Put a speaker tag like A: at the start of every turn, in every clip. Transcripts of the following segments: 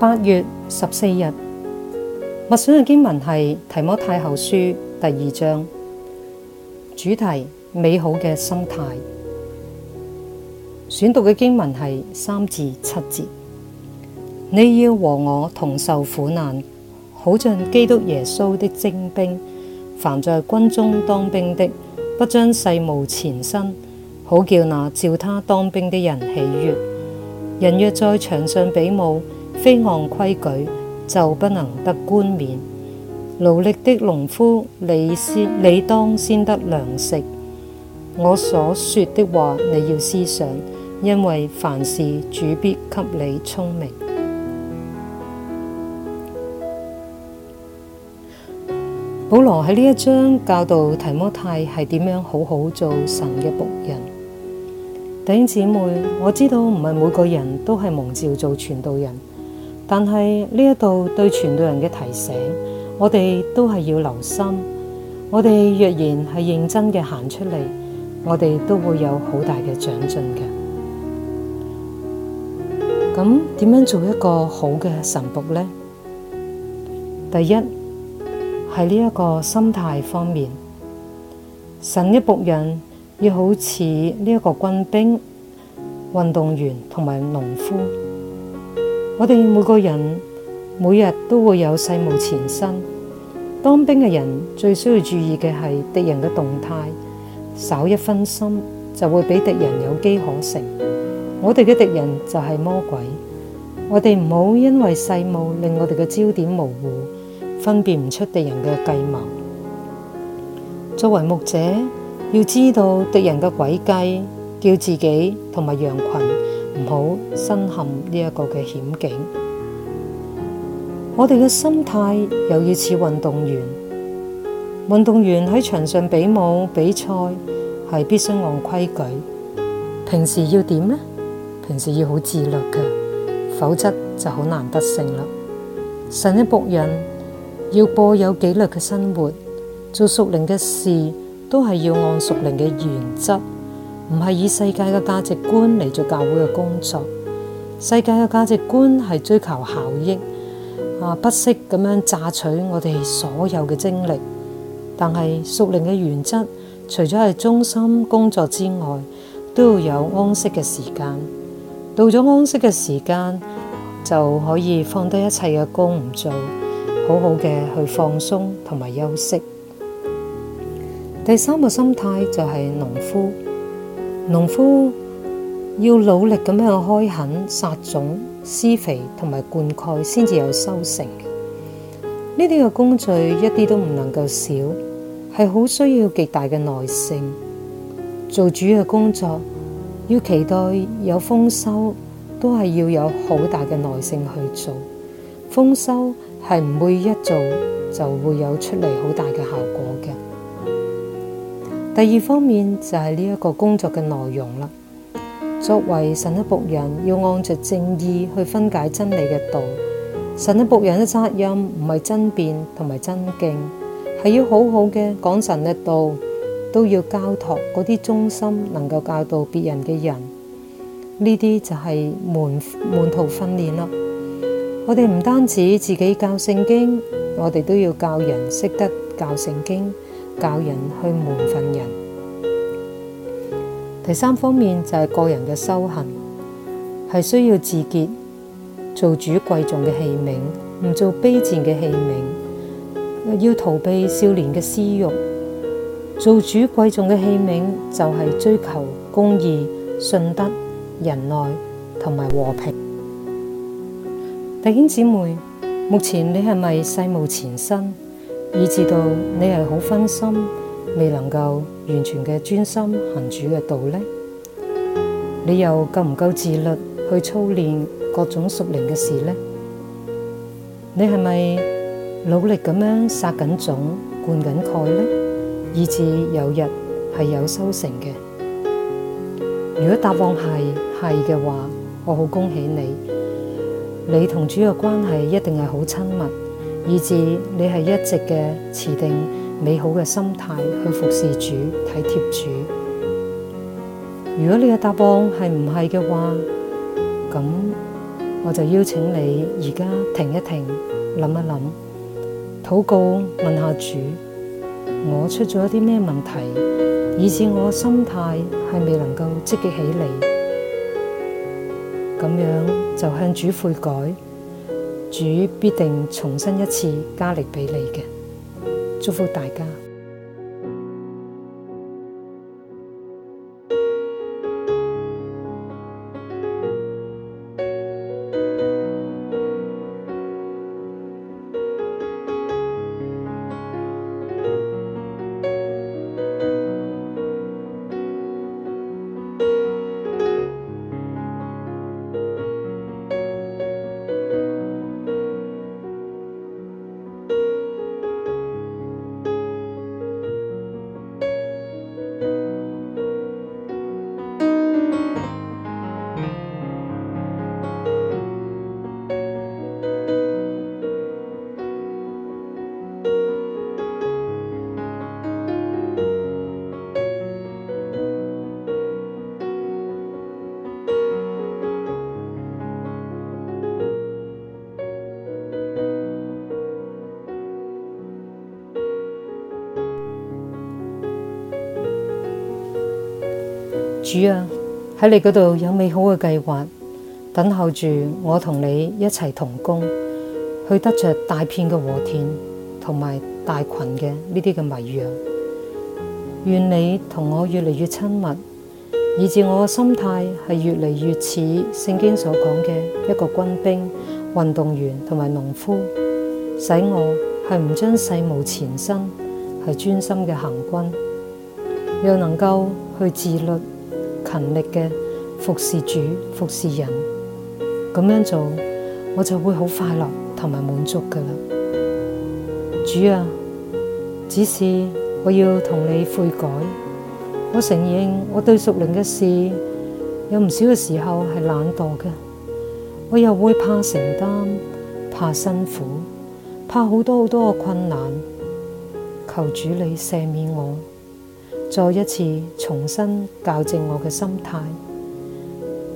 A: 八月十四日，默想嘅經文是《提摩太後書》第二章，主題美好嘅心態。選讀嘅經文是三至七節。你要和我同受苦難，好像基督耶穌的精兵。凡在軍中當兵的，不將世務纏身，好叫那招他當兵的人喜悅。人若在場上比武，非按規矩就不能得冠冕。勞力的農夫，你先你當先得糧食。我所說的話，你要思想，因為凡事主必給你聰明。保羅喺呢一章教導提摩太係點樣好好做神嘅僕人。弟兄姊妹，我知道唔係每個人都係蒙召做傳道人。但係呢一度對全隊人嘅提醒，我哋都係要留心。我哋若然係認真嘅行出嚟，我哋都會有好大嘅長進嘅。咁點樣做一個好嘅神僕呢？第一喺呢一個心態方面，神嘅僕人要好似呢一個軍兵、運動員同埋農夫。我哋每個人每日都會有世務纏身，當兵嘅人最需要注意嘅係敵人嘅動態，稍一分心就會俾敵人有機可乘。我哋嘅敵人就係魔鬼，我哋唔好因為世務令我哋嘅焦點模糊，分辨唔出敵人嘅計謀。作為牧者，要知道敵人嘅詭計，叫自己同埋羊群。唔好身陷呢一個嘅險境。我哋嘅心態又要似運動員，運動員喺場上比武比賽係必須按規矩。平時要點呢？平時要好自律㗎，否則就好難得勝啦。神一僕人要過有紀律嘅生活，做屬靈嘅事都係要按屬靈嘅原則。唔係以世界嘅價值觀嚟做教會嘅工作，世界嘅價值觀係追求效益，啊，不惜咁樣榨取我哋所有嘅精力。但係屬靈嘅原則，除咗係忠心工作之外，都要有安息嘅時間。到咗安息嘅時間，就可以放低一切嘅工唔做，好好嘅去放鬆同埋休息。第三個心態就係農夫。農夫要努力咁樣開墾、撒種、施肥同埋灌溉，先至有收成。呢啲嘅工序一啲都唔能夠少，係好需要極大嘅耐性。做主嘅工作要期待有豐收，都係要有好大嘅耐性去做。豐收係唔會一做就會有出嚟好大嘅效果嘅。第二方面就係呢一個工作嘅內容啦。作為神嘅僕人，要按着正義去分解真理嘅道。神嘅僕人嘅責任唔係爭辯同埋爭競，係要好好嘅講神嘅道，都要交託嗰啲忠心能夠教導別人嘅人。呢啲就係門門徒訓練啦。我哋唔單止自己教聖經，我哋都要教人識得教聖經。教人去埋訓人，第三方面就係個人嘅修行，係需要自潔，做主貴重嘅器皿，唔做卑賤嘅器皿，要逃避少年嘅私欲。做主貴重嘅器皿就係追求公義、信德、仁愛同埋和平。弟兄姊妹，目前你係咪世無前身？以致到你係好分心，未能夠完全嘅專心行主嘅道呢？你又夠唔夠自律去操練各種屬靈嘅事呢？你係咪努力咁樣撒緊種、灌緊溉呢？以致有日係有收成嘅？如果答案係係嘅話，我好恭喜你，你同主嘅關係一定係好親密。以致你係一直嘅，持定美好嘅心態去服侍主、體貼主。如果你嘅答案係唔係嘅話，咁我就邀請你而家停一停，諗一諗，禱告問一下主，我出咗一啲咩問題，以致我心態係未能夠積極起嚟，咁樣就向主悔改。主必定重新一次加力畀你嘅，祝福大家。主啊，喺你嗰度有美好嘅計劃，等候住我同你一齊同工，去得着大片嘅禾田同埋大群嘅呢啲嘅迷羊。願你同我越嚟越親密，以致我嘅心態係越嚟越似聖經所講嘅一個軍兵、運動員同埋農夫，使我係唔將細務纏身，係專心嘅行軍，又能夠去自律。勤力嘅服侍主、服侍人，咁樣做我就會好快樂同埋滿足噶啦。主啊，只是我要同你悔改，我承認我對屬靈嘅事有唔少嘅時候係懶惰嘅，我又會怕承擔、怕辛苦、怕好多好多嘅困難，求主你赦免我。再一次重新校正我嘅心態，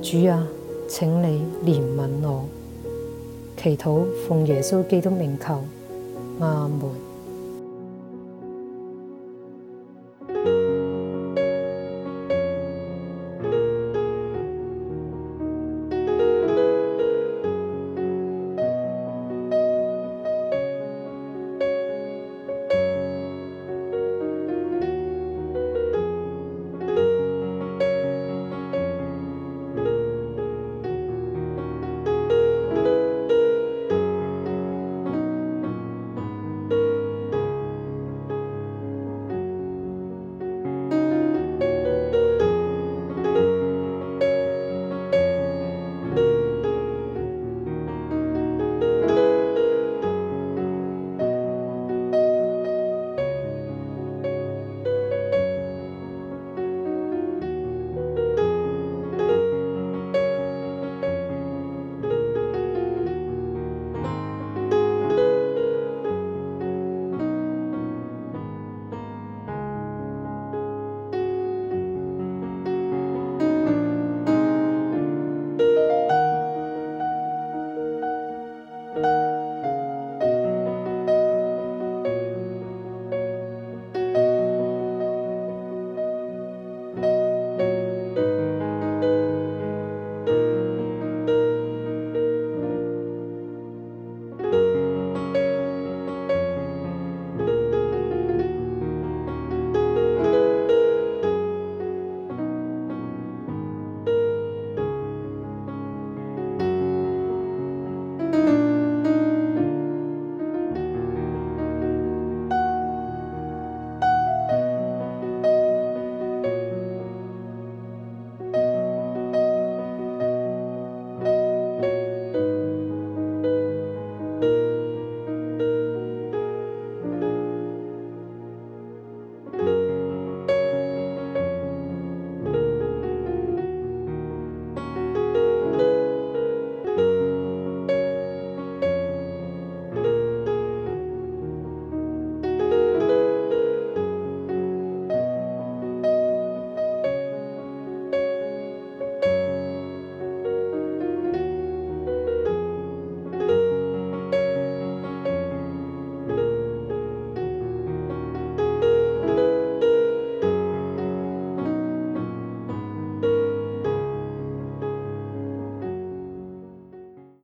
A: 主啊，請你憐憫我，祈禱奉耶穌基督名求，阿門。